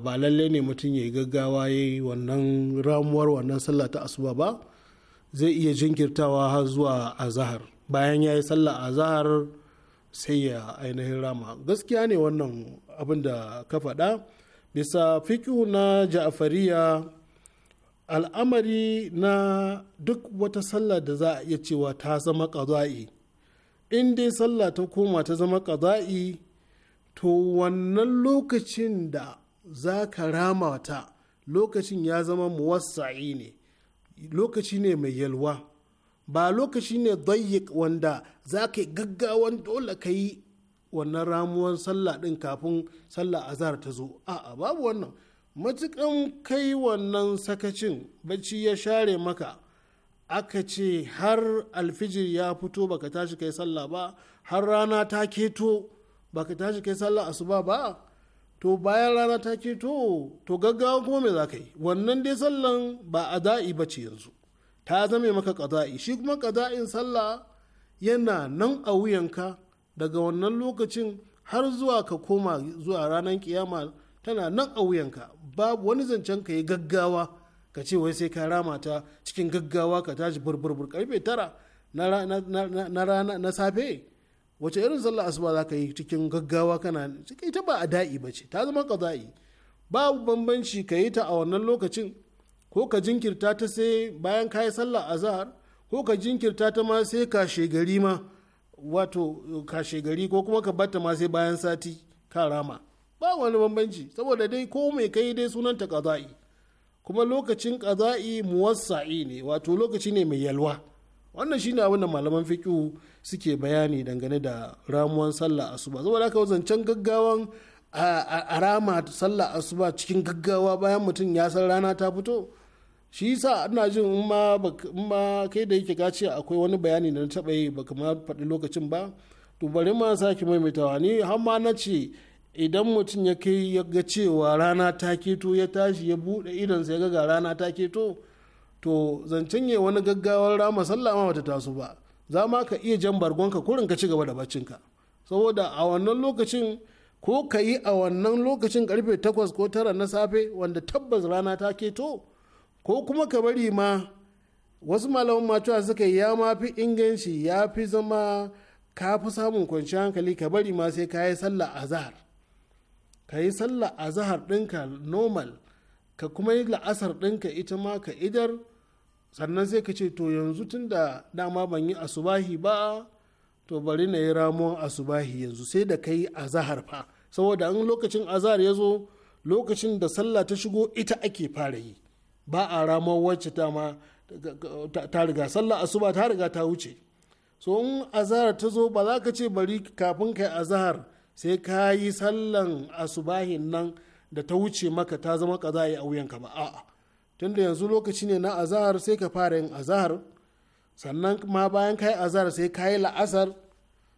S11: ba lalle ne mutum ya yi gaggawa ya yi wannan ramuwar wannan sallah ta asuba ba zai iya jinkirtawa har zuwa azahar bayan ya yi sallah azahar sai ya ainihin rama gaskiya ne wannan abin da ka faɗa bisa fikihu na ja'afariya al'amari na duk wata sallah da za a iya cewa ta zama ƙaza'i in dai sallah ta koma ta zama ƙaza'i to wannan lokacin da za ka rama ta lokacin ya zama muwassa'i ne lokaci ne mai yalwa ba lokaci ne dayyik wanda za ka yi gaggawan dole ka yi wannan ramuwan sallah ɗin kafin sallah azhar ta zo a'a babu wannan matuƙan kai wannan sakacin bacci ya share maka aka ce har alfijir ya fito baka tashi kai sallah ba har rana ta keto baka tashi kai sallah asuba ba to bayan rana ta keto to gaggawa kuma me za ka yi wannan dai sallan ba ada'i ba ce yanzu ta zame maka kaza'i shi kuma kaza'in sallah yana nan a wuyanka daga wannan lokacin har zuwa ka koma zuwa ranar kiyama tana nan a wuyanka babu wani zancen ka yi gaggawa ka ce wai sai ka rama ta cikin gaggawa ka tashi burburbur karfe tara na rana na safe wace irin sallah asuba za ka yi cikin gaggawa kana ita ba a da'i ba ce ta zama kaza'i babu bambanci ka yi ta a wannan lokacin ko ka jinkirta ta sai bayan ka yi a zahar ko ka jinkirta ta ma sai ka shegari ma wato ka shegari ko kuma ka batta ma sai bayan sati ka rama ba wani bambanci saboda dai ko mai kai dai sunanta kaza'i kuma lokacin ƙaza'i muwassa'i ne wato lokaci ne mai yalwa wannan shine abin da malaman fiƙi suke bayani dangane da ramuwan sallah asuba saboda haka zancen gaggawan a rama sallah asuba cikin gaggawa bayan mutum ya san rana ta fito shi sa ina jin in ma kai da yake gace akwai wani bayani da na taɓa yi ba kamar faɗi lokacin ba to bari ma sake maimaitawa ni har ma na ce idan mutum ya kai ga cewa rana ta keto ya tashi ya buɗe idonsa ya ga rana ta keto to zancen ya wani gaggawar rama sallah ma bata taso ba za ma ka iya jan bargonka kurin ka ci gaba da baccinka saboda a wannan lokacin ko ka yi a wannan lokacin karfe 8 ko 9 na safe wanda tabbas rana ta keto ko kuma ka bari ma wasu malaman matuwa suka yi ya ma fi inganci ya fi zama ka fi samun kwanciyar hankali ka bari ma sai ka yi sallah zahar. ka yi sallah a zahar ɗinka normal ka kuma yi la'asar ɗinka ita ma ka idar sannan sai ka ce to yanzu tun da dama ban yi asubahi ba to bari na yi ramuwan asubahi yanzu sai da ka yi a zahar fa saboda in lokacin azahar ya zo lokacin da sallah ta shigo ita ake fara yi ba a ramuwar wacce ta ma ta riga sallah asuba ta riga ta wuce so in azahar ta zo ba za ka ce bari kafin kai azahar sai ka yi sallan asubahin nan da ta wuce maka ta zama kaza a wuyanka ba a'a tunda yanzu lokaci ne na azahar sai ka fara yin azahar sannan ma bayan ka yi azahar sai ka yi la'asar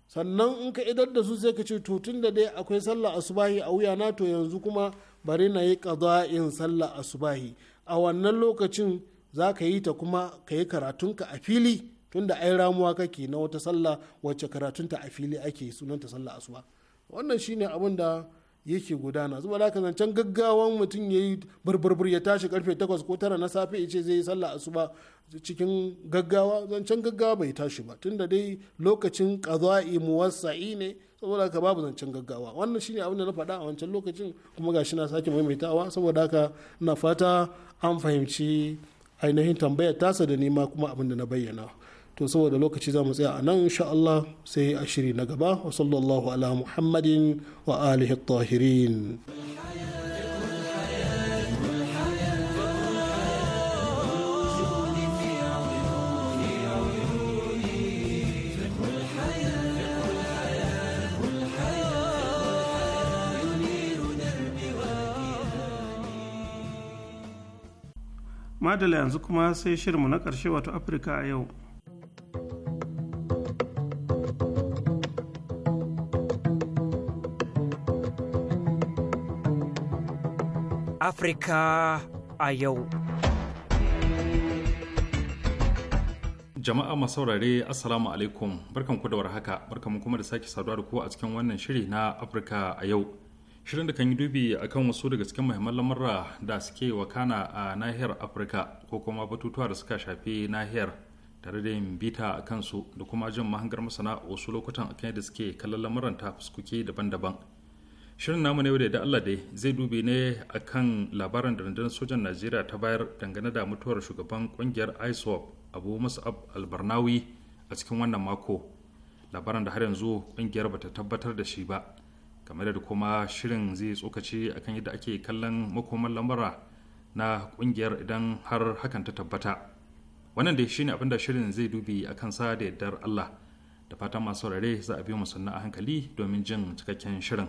S11: sannan in ka idar da su sai ka ce to tunda dai akwai sallah asubahi a wuya na to yanzu kuma bari na yi kaza'in sallah asubahi a wannan lokacin za ka yi ta kuma ka yi karatunka a fili tunda ai ramuwa kake na wata sallah wacce karatunta a fili ake sunanta sallah asuba wannan shine abin da yake gudana zuba da zancen gaggawan mutum ya yi burburbur ya tashi karfe 8 ko 9 na safe ya ce zai yi sallah asuba cikin gaggawa zancen gaggawa bai tashi ba tunda dai lokacin qada'i muwassa'i ne saboda haka babu zancen gaggawa wannan shine abin da na faɗa a wancan lokacin kuma gashi na sake maimaitawa saboda haka na fata an fahimci ainihin tambayar tasa da nima kuma abin da na bayyana to saboda lokaci za mu tsaya a nan insha Allah sai a shiri na gaba wa sallallahu ala muhammadin wa alihi tahirin
S1: madala yanzu kuma sai shirinmu na ƙarshe wato afirka a yau
S4: Afrika a yau.
S12: Jama'a masu saurare Assalamu alaikum barkan ku da warhaka barkan kuma da sake saduwa da ku a cikin wannan shiri na Afirka a yau. Shirin da kan yi dubi akan wasu daga cikin muhimman lamurra da suke wakana a nahiyar afrika ko kuma batutuwa da suka shafi nahiyar tare da yin bita a kansu da kuma jin mahangar masana wasu lokutan akan yadda suke kallon lamuran ta fuskuke daban-daban. shirin namu ne da allah dai zai dube ne akan labaran da rundunar sojan najeriya ta bayar dangane da mutuwar shugaban kungiyar iswap abu musab albarnawi a cikin wannan mako labaran da har yanzu kungiyar bata tabbatar da shi ba game da kuma shirin zai tsokaci akan yadda ake kallon makoman lamura na kungiyar idan har hakan ta tabbata wannan dai shine abinda shirin zai dubi a sa da yardar allah da fatan masu rare za a biyo musanna a hankali domin jin cikakken shirin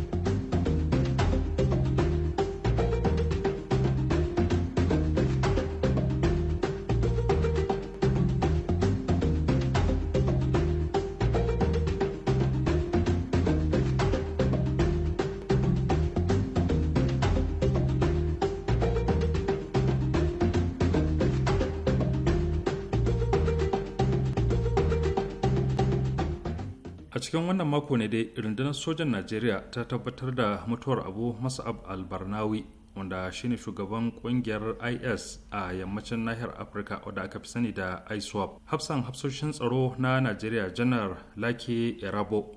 S12: mako ne dai rundunar sojan najeriya ta tabbatar da mutuwar abu masa'ab albarnawi wanda shine shugaban kungiyar is a yammacin nahiyar afirka wadda aka fi sani da iswap hafsan hafsoshin tsaro na najeriya janar lake erabo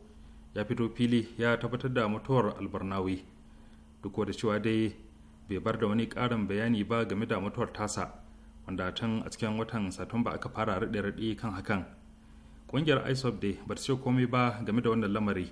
S12: ya fito fili ya tabbatar da mutuwar albarnawi duk da cewa dai bai bar da wani karin bayani ba game da mutuwar tasa wanda tun a cikin watan satumba aka fara raɗe-raɗe kan hakan kungiyar isop dai bata ce komai ba game da wannan lamari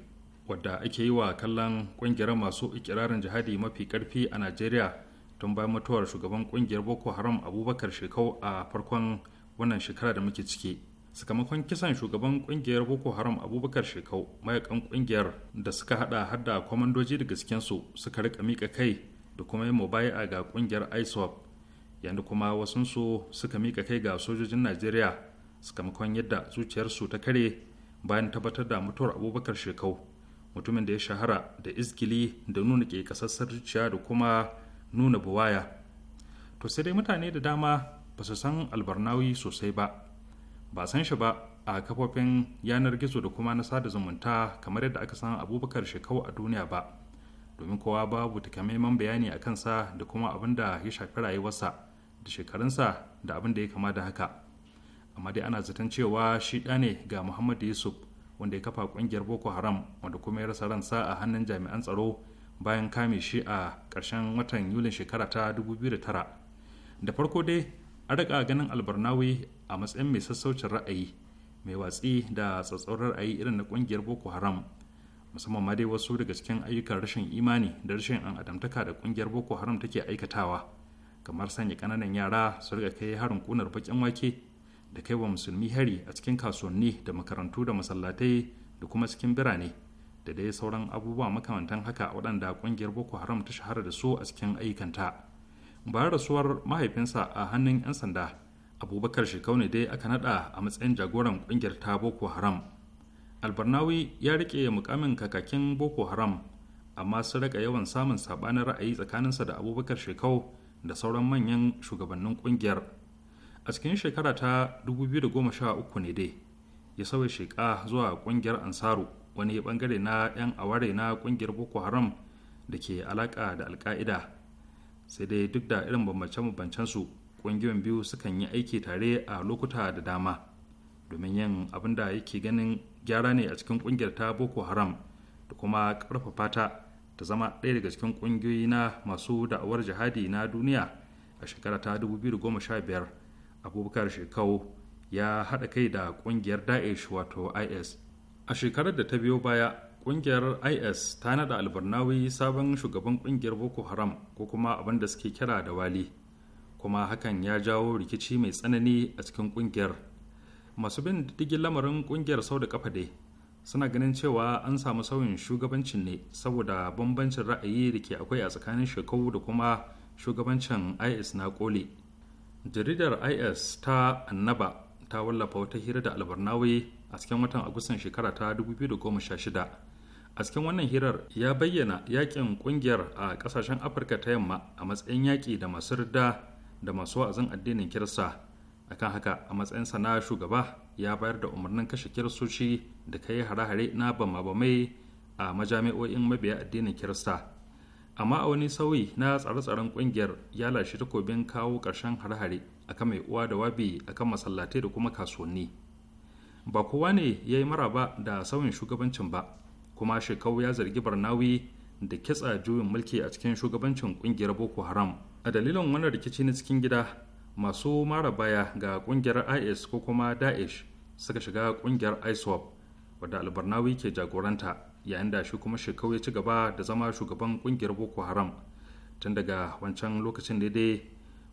S12: wadda ake yi wa kallon kungiyar masu ikirarin jihadi mafi karfi a najeriya tun bayan mutuwar shugaban kungiyar boko haram abubakar shekau a farkon wannan shekara da muke ciki sakamakon kisan shugaban kungiyar boko haram abubakar shekau mayakan kungiyar da suka hada da kwamandoji da gaskensu suka rika mika kai da kuma yi mubaya ga kungiyar isop yanda kuma wasunsu suka mika kai ga sojojin najeriya sakamakon yadda zuciyarsu ta kare bayan tabbatar da mutuwar abubakar shekau mutumin da ya shahara da izgili da nuna ke kasassar zuciya da kuma nuna buwaya to sai dai mutane da dama ba su san albarnawi sosai ba ba san shi ba a kafofin yanar gizo da kuma na sada zumunta kamar yadda aka san abubakar shekau a duniya ba domin kowa babu takamaiman bayani a kansa da kuma abin da ya shafi rayuwarsa da shekarunsa da abin da ya kama da haka amma dai ana zaton cewa shi ɗa ne ga muhammad yusuf wanda ya kafa ƙungiyar boko haram wanda kuma ya rasa ransa a hannun jami'an tsaro bayan kame shi a ƙarshen watan yulin shekara ta 2009 da farko dai an riƙa ganin albarnawi a matsayin mai sassaucin ra'ayi mai watsi da tsatsauran ra'ayi irin na ƙungiyar boko haram musamman ma dai wasu daga cikin ayyukan rashin imani da rashin an adamtaka da ƙungiyar boko haram take aikatawa kamar sanya ƙananan yara su riga kai harin kunar bakin wake da kai wa musulmi hari a cikin kasuwanni da makarantu da masallatai da kuma cikin birane da dai sauran abubuwa makamantan haka waɗanda ƙungiyar boko haram ta shahara da su a cikin ayyukanta bayan rasuwar mahaifinsa a hannun 'yan sanda abubakar shekau ne dai aka nada a matsayin jagoran ƙungiyar ta boko haram albarnawi ya rike mukamin kakakin boko haram amma sun raka yawan samun saɓanin ra'ayi tsakaninsa da abubakar shekau da sauran manyan shugabannin ƙungiyar a cikin shekara ta 2013 ne dai ya sauya sheka zuwa kungiyar ansaru wani bangare na 'yan aware na kungiyar boko haram da ke alaka da alka'ida sai dai duk da irin bambance-bambancen su kungiyoyin biyu sukan yi aiki tare a lokuta da dama domin yin abin da yake ganin gyara ne a cikin kungiyar ta boko haram da kuma karfafa ta ta zama ɗaya daga cikin kungiyoyi na masu da'awar jihadi na duniya a shekara ta 2015 abubakar shekau ya haɗa kai da ƙungiyar daesh wato is a shekarar da ta biyo baya ƙungiyar is ta naɗa albarnawi sabon shugaban ƙungiyar boko haram ko kuma abin da suke kira da wali kuma hakan ya jawo rikici mai tsanani a cikin ƙungiyar masu bin diddigin lamarin ƙungiyar sau da kafa dai suna ganin cewa an samu sauyin shugabancin ne saboda bambancin ra'ayi da ke akwai a tsakanin shekau da kuma shugabancin is na koli jaridar is ta annaba ta wallafa wata hira da albarnawi a cikin watan agustan shekara ta 2016 a cikin wannan hirar ya bayyana yakin kungiyar a kasashen afirka ta yamma a matsayin yaƙi da masu rida da masu wa'azin addinin kirista akan haka a matsayinsa na shugaba ya bayar da umarnin kashe kiristoci da kai hare-hare na bama-bamai a majami'o'in mabiya addinin kirista amma a wani sauyi na tsare-tsaren kungiyar ya lashe takobin kawo ƙarshen hare a kan mai uwa da wabi a kan masallatai da kuma kasuwanni ba kowa ne ya yi maraba da sauyin shugabancin ba kuma shekau ya zargi barnawi da kitsa juyin mulki a cikin shugabancin kungiyar boko haram a dalilin wannan rikici na cikin gida masu mara baya ga kungiyar is ko kuma daesh suka shiga kungiyar iswap wadda albarnawi ke jagoranta yayin da shi kuma shekau ya ci gaba da zama shugaban kungiyar boko haram tun daga wancan lokacin da dai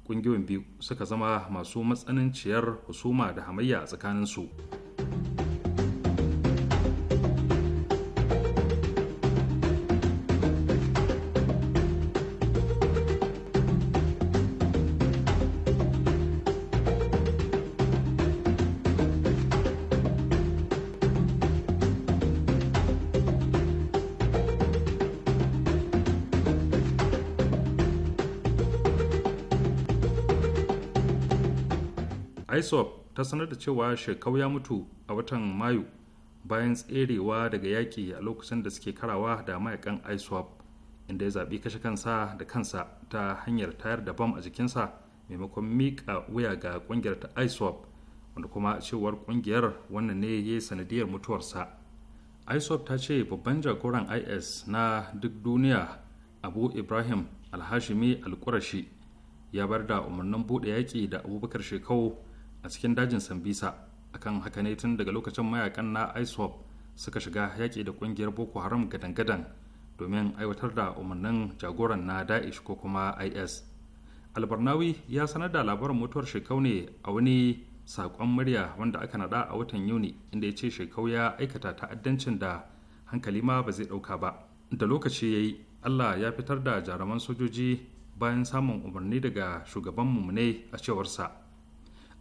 S12: kungiyoyin biyu suka zama masu matsananciyar husuma da hamayya a tsakaninsu. su isop ta sanar da cewa shekau ya mutu a watan mayu bayan tserewa daga yaƙi a lokacin da suke karawa da mayakan isop inda ya zaɓi kashe kansa da kansa ta hanyar tayar da bam a jikinsa maimakon miƙa wuya ga ƙungiyar ta isop wanda kuma cewar ƙungiyar wannan ne ya yi sanadiyar mutuwarsa isop ta ce babban jagoran is na duk duniya abu ibrahim alhashimi alƙurashi ya bar da umarnin buɗe yaƙi da abubakar shekau a cikin dajin sambisa akan haka ne tun daga lokacin mayakan na iswap suka shiga yaƙi da ƙungiyar boko haram gadan-gadan domin aiwatar da umarnin jagoran na daesh ko kuma is albarnawi ya sanar da labarin mutuwar shekau ne a wani saƙon murya wanda aka nada a watan yuni inda ya ce shekau ya aikata ta'addancin da hankali ma ba zai ɗauka ba da lokaci ya yi allah ya fitar da jaruman sojoji bayan samun umarni daga shugaban mummune a cewarsa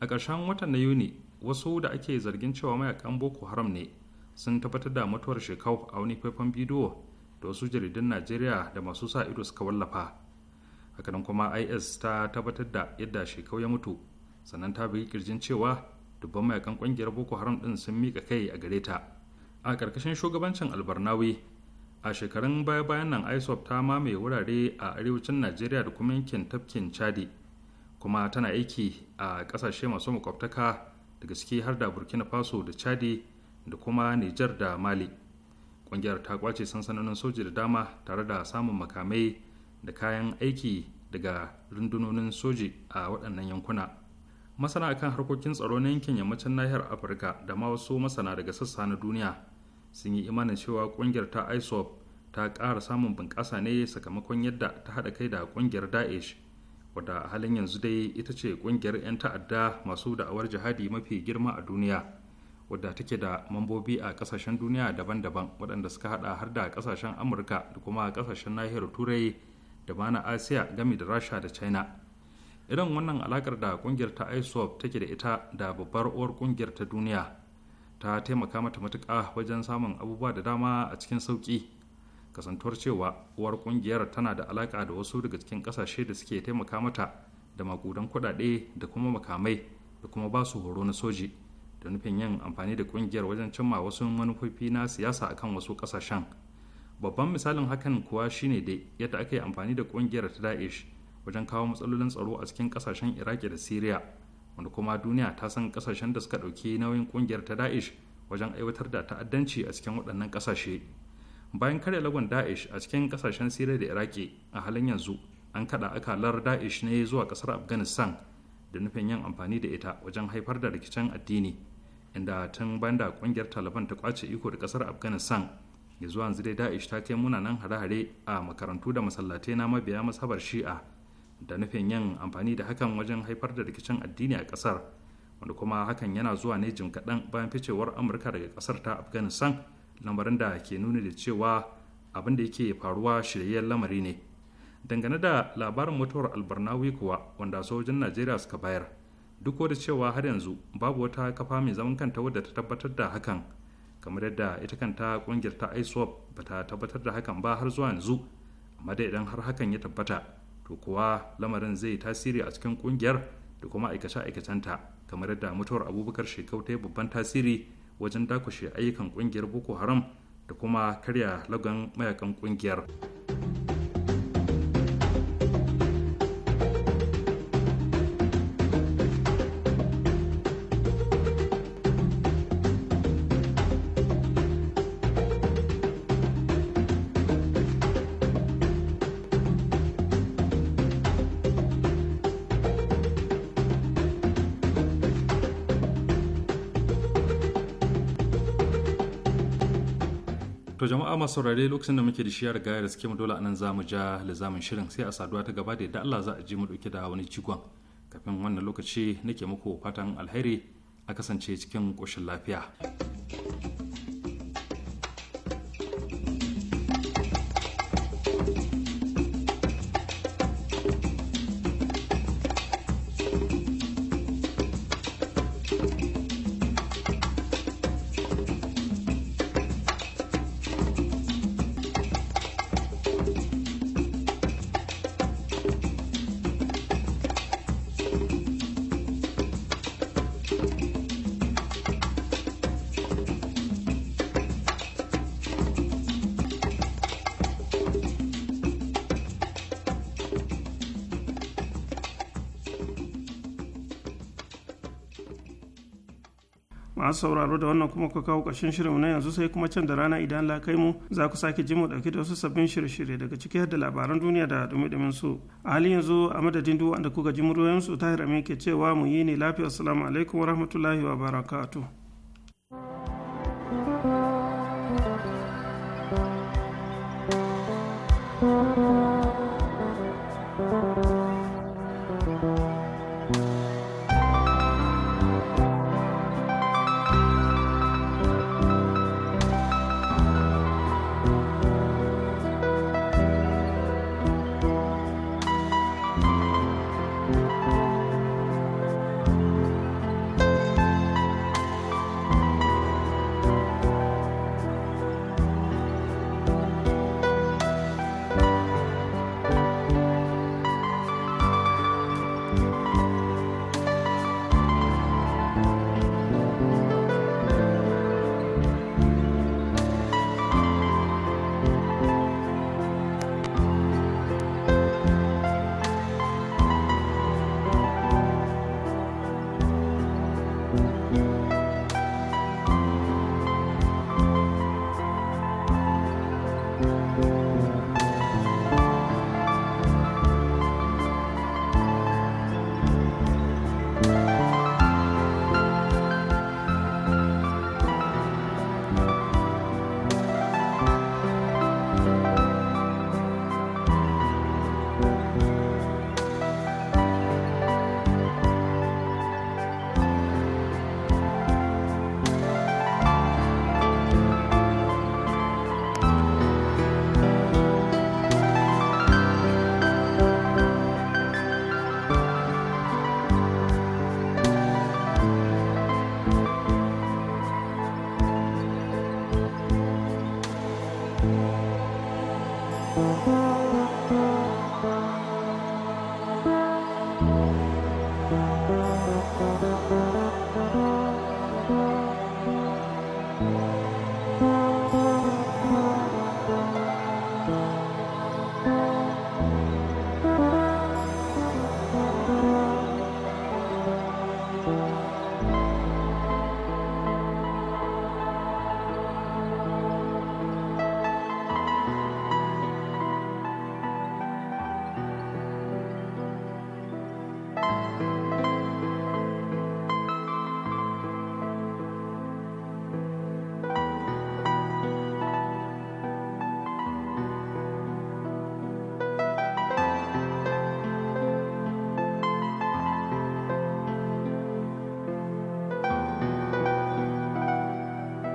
S12: a ƙarshen watan na yuni wasu da ake zargin cewa mayakan boko haram ne sun tabbatar da mutuwar shekau a wani faifan bidiyo da wasu jaridun najeriya da masu sa ido suka wallafa hakanan kuma is ta tabbatar da yadda shekau ya mutu sannan ta bugi kirjin cewa dubban mayakan kungiyar boko haram din sun mika kai a gare ta a karkashin shugabancin albarnawi a shekarun baya bayan nan isop ta mamaye wurare a arewacin najeriya da kuma yankin tafkin chadi kuma tana aiki a kasashe masu makwabtaka daga ciki har da burkina faso da chadi da kuma niger da mali ƙungiyar ta kwace sansanonin soji da dama tare da samun makamai da kayan aiki daga rundunonin soji a waɗannan yankuna masana akan harkokin tsaro na yankin yammacin nahiyar afirka da ma wasu masana daga sassa na duniya sun yi imanin cewa ƙungiyar ta isop ta ƙara samun bunƙasa ne sakamakon yadda ta haɗa kai da ƙungiyar daesh wadda a halin yanzu dai ita ce kungiyar 'yan ta'adda masu da'awar jihadi mafi girma a duniya wadda take da mambobi a kasashen duniya daban-daban waɗanda suka hada har da kasashen amurka da kuma kasashen nahiyar turai da ma na asiya gami da rasha da china irin wannan alakar da kungiyar ta isop take da ita da babbar uwar kungiyar ta duniya ta taimaka mata matuƙa wajen samun abubuwa da dama a cikin sauƙi kasantuwar cewa uwar kungiyar tana da alaka da wasu daga cikin kasashe da suke taimaka mata da makudan kuɗaɗe da kuma makamai da kuma basu horo na soji da nufin yin amfani da kungiyar wajen cimma wasu manufofi na siyasa akan wasu ƙasashen babban misalin hakan kuwa shine da yadda aka yi amfani da kungiyar ta daesh wajen kawo matsalolin tsaro a cikin kasashen iraki da syria wanda kuma duniya ta san kasashen da suka ɗauki nauyin kungiyar ta daesh wajen aiwatar da ta'addanci a cikin waɗannan ƙasashe. bayan karya lagon daesh a cikin kasashen siriya da iraki a halin yanzu an kada akalar daesh ne zuwa kasar afghanistan da nufin yin amfani da ita wajen haifar da rikicin addini inda tun bayan da kungiyar taliban ta kwace iko da kasar afghanistan ya zuwa yanzu dai daesh ta kai munanan hare-hare a makarantu da masallatai na mabiya masabar shi'a da nufin yin amfani da hakan wajen haifar da rikicin addini a kasar wanda kuma hakan yana zuwa ne jim kaɗan bayan ficewar amurka daga kasar ta afghanistan lamarin da ke nuni da cewa abin da yake faruwa shiryayyen lamari ne dangane da labarin mutuwar albarnawi kuwa wanda wajen najeriya suka bayar duk da cewa har yanzu babu wata kafa mai zaman kanta wadda ta tabbatar da hakan kamar yadda ita kanta kungiyar ta isop ba ta tabbatar da hakan ba har zuwa yanzu amma dai idan har hakan ya tabbata to kuwa lamarin zai tasiri a cikin kungiyar da kuma aikace-aikacenta kamar yadda mutuwar abubakar shekau ta yi babban tasiri wajen dakushe ayyukan kungiyar boko haram da kuma karya lagon mayakan kungiyar. masu saurare lokacin da muke da shi riga ya riske mu dole anan za mu ja lizamin shirin sai a saduwa ta gaba da yadda Allah za a ji mu dauke da wani jigon kafin wannan lokaci nake muku fatan alheri a kasance cikin koshin lafiya.
S1: masu sauraro da wannan kuma ka kawo ƙarshen shirin na yanzu sai kuma can da rana idan la kai mu za ku sake ji mu ɗauki da wasu sabbin shirye-shirye daga ciki da labaran duniya da dumi-dumin su a halin yanzu a madadin duk wanda kuka ji muryoyin su tahir amin ke cewa mu yi ne lafiya assalamu alaikum wa rahmatullahi wa barakatuh